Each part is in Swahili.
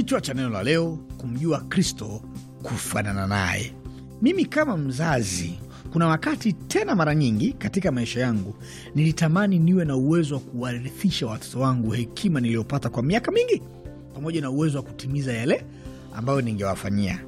Kichwa cha neno la leo: kumjua Kristo, kufanana naye. Mimi kama mzazi, kuna wakati tena mara nyingi katika maisha yangu nilitamani niwe na uwezo wa kuwarithisha watoto wangu hekima niliyopata kwa miaka mingi, pamoja na uwezo wa kutimiza yale ambayo ningewafanyia.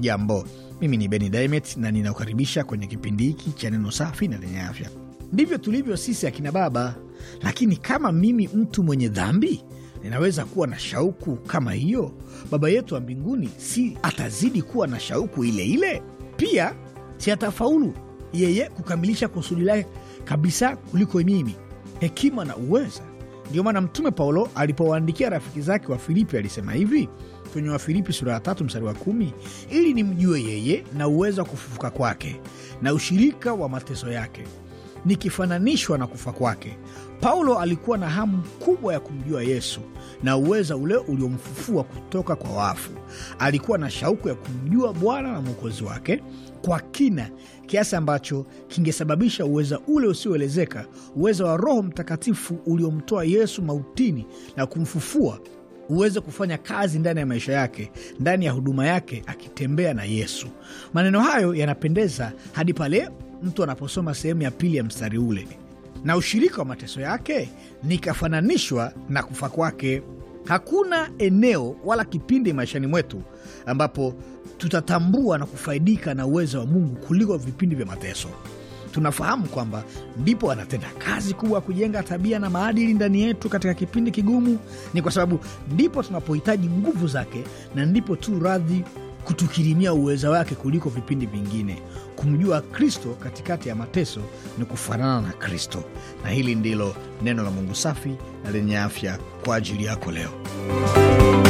jambo mimi ni Beni Dimet na ninakukaribisha kwenye kipindi hiki cha neno safi na lenye afya. Ndivyo tulivyo sisi akina baba, lakini kama mimi mtu mwenye dhambi ninaweza kuwa na shauku kama hiyo? Baba yetu wa mbinguni si atazidi kuwa na shauku ile ile pia? Si atafaulu yeye kukamilisha kusudi lake kabisa kuliko mimi? Hekima na uweza. Ndiyo maana Mtume Paulo alipowaandikia rafiki zake wa Filipi alisema hivi kwenye Wafilipi sura ya tatu mstari wa kumi ili nimjue yeye na uweza wa kufufuka kwake na ushirika wa mateso yake nikifananishwa na kufa kwake. Paulo alikuwa na hamu kubwa ya kumjua Yesu na uweza ule uliomfufua kutoka kwa wafu. Alikuwa na shauku ya kumjua Bwana na Mwokozi wake kwa kina kiasi ambacho kingesababisha uweza ule usioelezeka, uweza wa Roho Mtakatifu uliomtoa Yesu mautini na kumfufua uweze kufanya kazi ndani ya maisha yake, ndani ya huduma yake, akitembea na Yesu. Maneno hayo yanapendeza hadi pale mtu anaposoma sehemu ya pili ya mstari ule, na ushirika wa mateso yake nikafananishwa na kufa kwake. Hakuna eneo wala kipindi maishani mwetu ambapo tutatambua na kufaidika na uwezo wa Mungu kuliko vipindi vya mateso. Tunafahamu kwamba ndipo anatenda kazi kubwa ya kujenga tabia na maadili ndani yetu katika kipindi kigumu. Ni kwa sababu ndipo tunapohitaji nguvu zake na ndipo tu radhi kutukirimia uweza wake kuliko vipindi vingine. Kumjua Kristo katikati ya mateso ni kufanana na Kristo, na hili ndilo neno la Mungu safi na lenye afya kwa ajili yako leo.